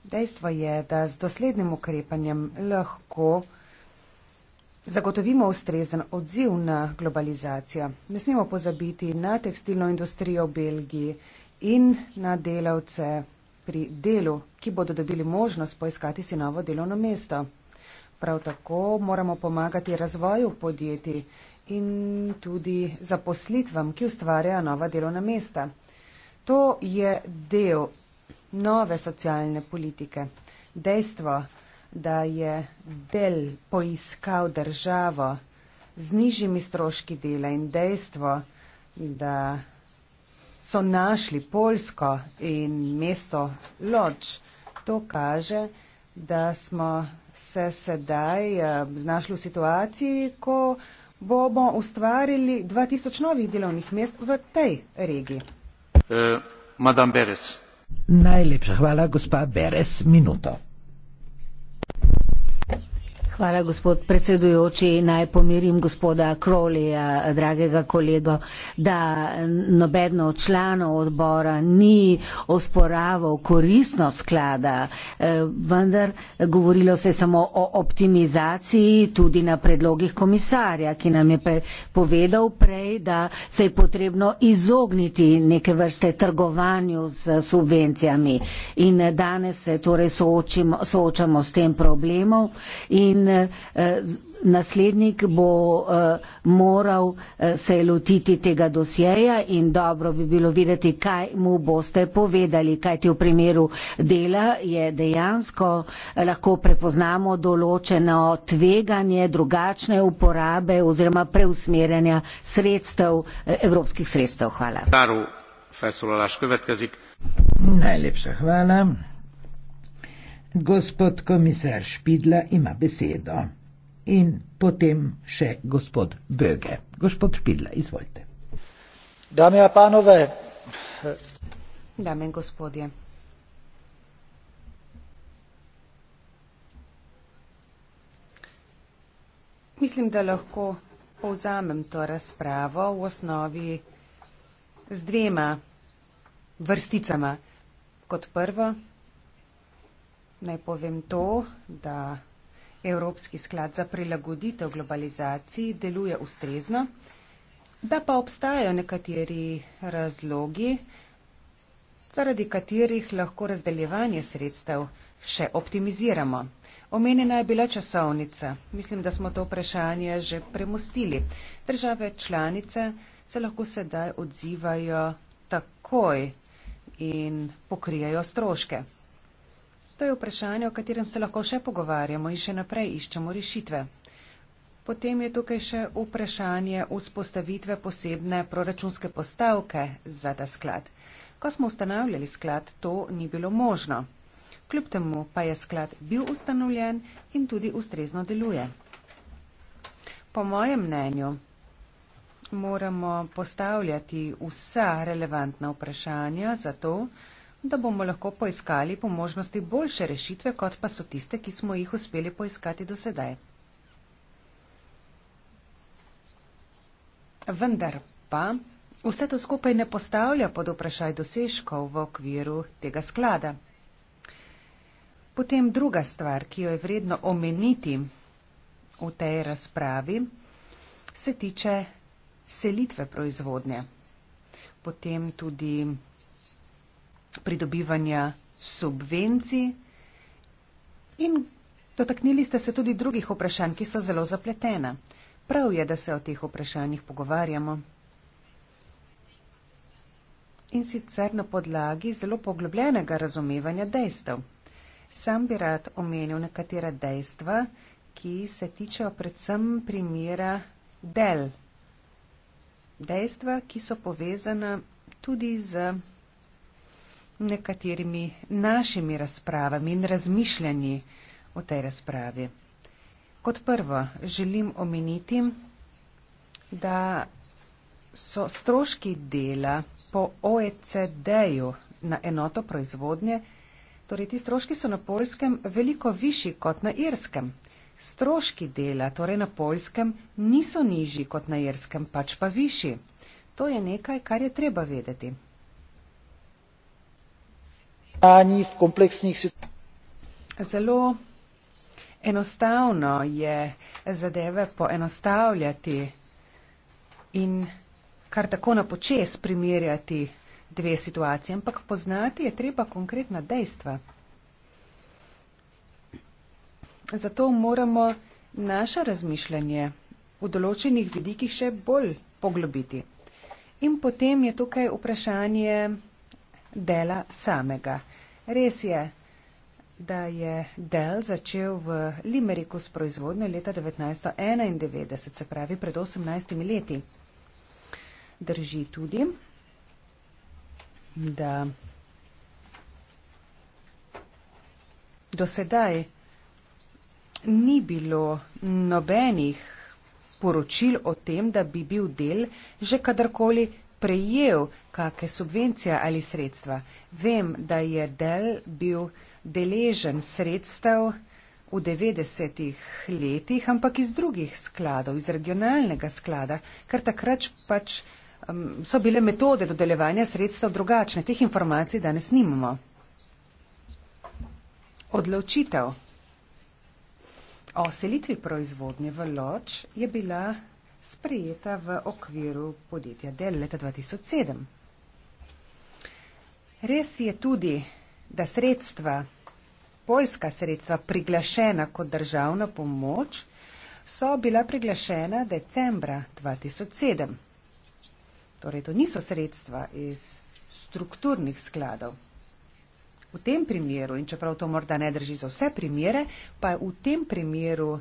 [SPEAKER 1] Dejstvo je, da z doslednim ukrepanjem lahko zagotovimo ustrezen odziv na globalizacijo. Ne smemo pozabiti na tekstilno industrijo v Belgiji in na delavce pri delu, ki bodo dobili možnost poiskati si novo delovno mesto. Prav tako moramo pomagati razvoju podjetij in tudi zaposlitvam, ki ustvarjajo nova delovna mesta. To je del nove socialne politike. Dejstvo, da je del poiskal državo z nižjimi stroški dela in dejstvo, da so našli Polsko in mesto Loč, to kaže, da smo se sedaj eh, znašli v situaciji, ko bomo ustvarili 2000 novih delovnih mest v tej regiji.
[SPEAKER 2] Eh, Najlepša hvala, gospa Beres, minuto.
[SPEAKER 3] Hvala, gospod predsedujoči. Naj pomirim gospoda Krolija, dragega kolega, da nobeno člano odbora ni osporaval koristno sklada, eh, vendar govorilo se je samo o optimizaciji tudi na predlogih komisarja, ki nam je pre povedal prej, da se je potrebno izogniti neke vrste trgovanju z subvencijami. In eh, danes se torej soočimo, soočamo s tem problemom. In Eh, naslednik bo eh, moral eh, se lotiti tega dosjeja in dobro bi bilo videti, kaj mu boste povedali, kaj ti v primeru dela je dejansko lahko prepoznamo določeno tveganje drugačne uporabe oziroma preusmerjanja sredstev, evropskih sredstev. Hvala. Najlepša hvala.
[SPEAKER 2] Gospod komisar Špidla ima besedo. In potem še gospod Böge. Gospod Špidla, izvolite.
[SPEAKER 1] Dame in panove. Dame in gospodje. Mislim, da lahko povzamem to razpravo v osnovi z dvema vrsticama. Kot prvo, Naj povem to, da Evropski sklad za prilagoditev globalizaciji deluje ustrezno, da pa obstajajo nekateri razlogi, zaradi katerih lahko razdeljevanje sredstev še optimiziramo. Omenjena je bila časovnica. Mislim, da smo to vprašanje že premustili. Države članice se lahko sedaj odzivajo takoj in pokrijajo stroške. To je vprašanje, o katerem se lahko še pogovarjamo in še naprej iščemo rešitve. Potem je tukaj še vprašanje vzpostavitve posebne proračunske postavke za ta sklad. Ko smo ustanavljali sklad, to ni bilo možno. Kljub temu pa je sklad bil ustanovljen in tudi ustrezno deluje. Po mojem mnenju moramo postavljati vsa relevantna vprašanja za to, da bomo lahko poiskali po možnosti boljše rešitve, kot pa so tiste, ki smo jih uspeli poiskati do sedaj. Vendar pa vse to skupaj ne postavlja pod vprašaj dosežkov v okviru tega sklada. Potem druga stvar, ki jo je vredno omeniti v tej razpravi, se tiče selitve proizvodnje. Potem tudi pridobivanja subvencij in dotaknili ste se tudi drugih vprašanj, ki so zelo zapletena. Prav je, da se o teh vprašanjih pogovarjamo. In sicer na podlagi zelo poglobljenega razumevanja dejstev. Sam bi rad omenil nekatera dejstva, ki se tičejo predvsem primera del. Dejstva, ki so povezana tudi z nekaterimi našimi razpravami in razmišljanji v tej razpravi. Kot prvo želim omeniti, da so stroški dela po OECD-ju na enoto proizvodnje, torej ti stroški so na Poljskem veliko višji kot na Irskem. Stroški dela, torej na Poljskem, niso nižji kot na Irskem, pač pa višji. To je nekaj, kar je treba vedeti
[SPEAKER 2] jednání v komplexních
[SPEAKER 1] Zelo enostavno je zadeve poenostavljati in kar tako na počes primerjati dve situacije, ampak poznati je treba konkretna dejstva. Zato moramo naše razmišljanje v določenih vidikih še bolj poglobiti. In potem je tukaj vprašanje dela samega. Res je, da je del začel v Limeriku s proizvodnjo leta 1991, se pravi pred 18 leti. Drži tudi, da dosedaj ni bilo nobenih poročil o tem, da bi bil del že kadarkoli prejel kakšne subvencije ali sredstva. Vem, da je Del bil deležen sredstev v 90-ih letih, ampak iz drugih skladov, iz regionalnega sklada, ker takrat pač um, so bile metode dodeljevanja sredstev drugačne. Teh informacij danes nimamo. Odločitev o selitvi proizvodnje v loč je bila sprejeta v okviru podjetja Dell leta 2007. Res je tudi, da sredstva, poljska sredstva, priglašena kot državna pomoč, so bila priglašena decembra 2007. Torej, to niso sredstva iz strukturnih skladov. V tem primeru, in čeprav to morda ne drži za vse primere, pa je v tem primeru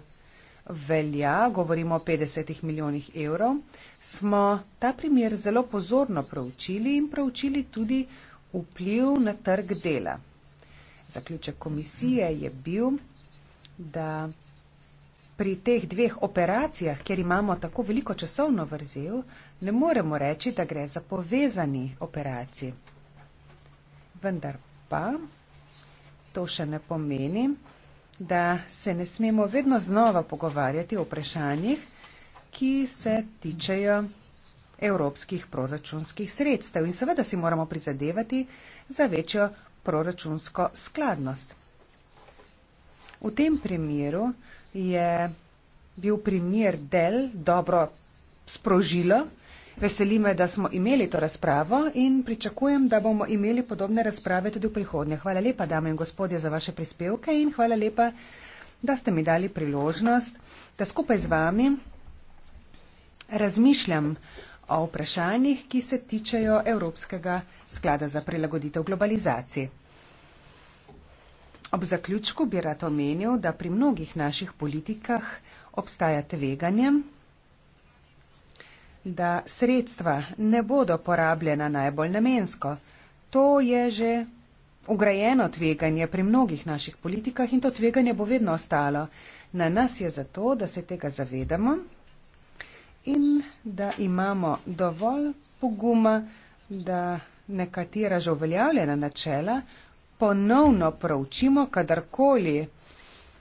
[SPEAKER 1] velja, govorimo o 50 milijonih evrov, smo ta primer zelo pozorno proučili in proučili tudi vpliv na trg dela. Zaključek komisije je bil, da pri teh dveh operacijah, kjer imamo tako veliko časovno vrzel, ne moremo reči, da gre za povezani operaciji. Vendar pa to še ne pomeni, da se ne smemo vedno znova pogovarjati o vprašanjih, ki se tičejo evropskih proračunskih sredstev in seveda si moramo prizadevati za večjo proračunsko skladnost. V tem primeru je bil primer del dobro sprožilo Veseli me, da smo imeli to razpravo in pričakujem, da bomo imeli podobne razprave tudi v prihodnje. Hvala lepa, dame in gospodje, za vaše prispevke in hvala lepa, da ste mi dali priložnost, da skupaj z vami razmišljam o vprašanjih, ki se tičejo Evropskega sklada za prilagoditev globalizaciji. Ob zaključku bi rad omenil, da pri mnogih naših politikah obstaja tveganje, da sredstva ne bodo porabljena najbolj namensko. To je že ugrajeno tveganje pri mnogih naših politikah in to tveganje bo vedno ostalo. Na nas je zato, da se tega zavedamo in da imamo dovolj poguma, da nekatera že uveljavljena načela ponovno proučimo, kadarkoli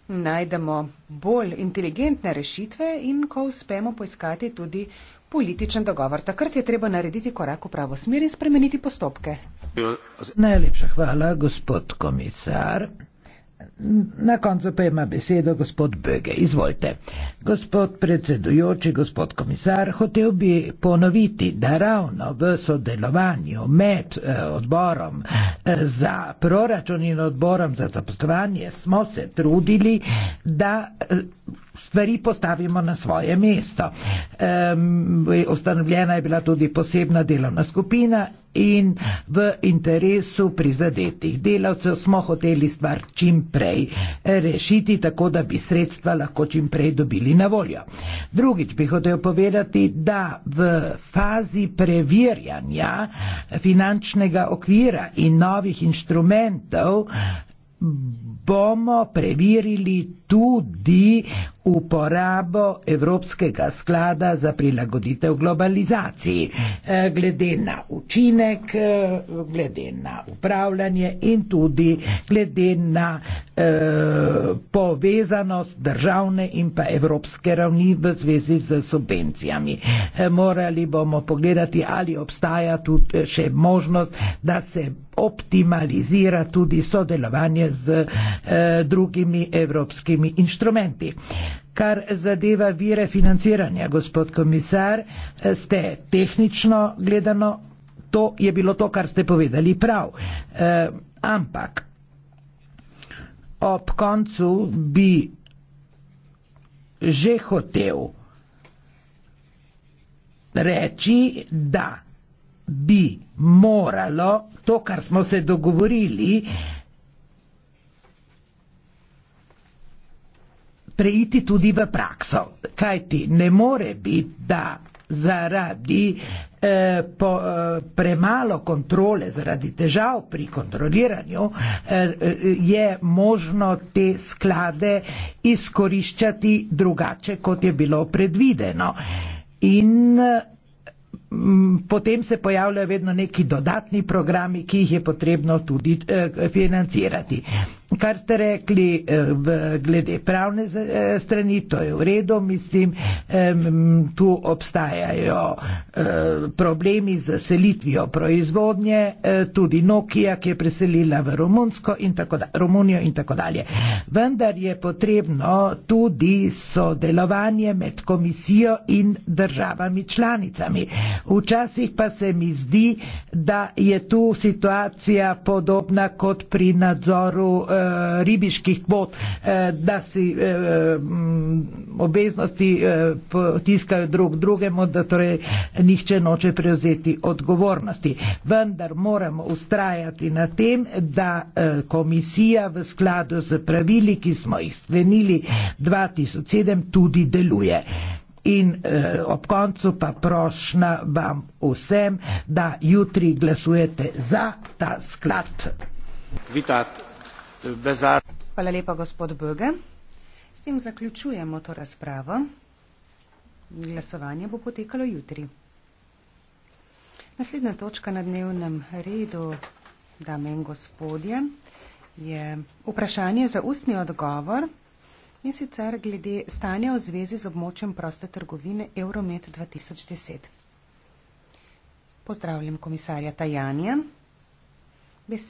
[SPEAKER 1] najdemo bolj inteligentne rešitve in ko uspemo poiskati tudi političen dogovor. Takrat je treba narediti korak v pravo smer in spremeniti postopke.
[SPEAKER 2] Najlepša hvala, gospod komisar. Na koncu pa ima besedo gospod Böge. Izvolite. Gospod predsedujoči, gospod komisar, hotel bi ponoviti, da ravno v sodelovanju med eh, odborom eh, za proračun in odborom za zaposlovanje smo se trudili, da. Eh, stvari postavimo na svoje mesto. Um, ustanovljena je bila tudi posebna delovna skupina in v interesu prizadetih delavcev smo hoteli stvar čim prej rešiti, tako da bi sredstva lahko čim prej dobili na voljo. Drugič bi hotel povedati, da v fazi preverjanja finančnega okvira in novih inštrumentov bomo preverili tudi uporabo Evropskega sklada za prilagoditev globalizaciji, eh, glede na učinek, eh, glede na upravljanje in tudi glede na eh, povezanost državne in pa evropske ravni v zvezi z subvencijami. Morali bomo pogledati, ali obstaja tudi še možnost, da se optimalizira tudi sodelovanje z drugimi evropskimi inštrumenti. Kar zadeva vire financiranja, gospod komisar, ste tehnično gledano, to je bilo to, kar ste povedali prav. E, ampak ob koncu bi že hotel reči, da bi moralo to, kar smo se dogovorili, preiti tudi v prakso. Kaj ti ne more biti, da zaradi eh, po, eh, premalo kontrole, zaradi težav pri kontroliranju, eh, je možno te sklade izkoriščati drugače, kot je bilo predvideno. In mm, Potem se pojavljajo vedno neki dodatni programi, ki jih je potrebno tudi eh, financirati kar ste rekli eh, glede pravne eh, strani, to je v redu, mislim, tu obstajajo eh, problemi z selitvijo proizvodnje, tudi Nokia, ki je preselila v Romunsko in tako dalje, Romunijo in tako dalje. Vendar je potrebno tudi sodelovanje med komisijo in državami članicami. Včasih pa se mi zdi, da je tu situacija podobna kot pri nadzoru Eh, ribiških kvot, eh, da si eh, mm, obveznosti potiskajo drug drugemu, da torej nihče noče prevzeti odgovornosti. Vendar moramo ustrajati na tem, da komisija v skladu z pravili, ki smo jih sklenili 2007, tudi deluje. In eh, ob koncu pa prošna vam vsem, da jutri glasujete za ta sklad. Vitat. Hvala
[SPEAKER 1] lepa, gospod Böge. S tem zaključujemo to razpravo. Glasovanje bo potekalo jutri. Naslednja točka na dnevnem redu, dame in gospodje, je vprašanje za ustni odgovor in sicer glede stanja v zvezi z območjem proste trgovine Euromet 2010. Pozdravljam komisarja Tajanja.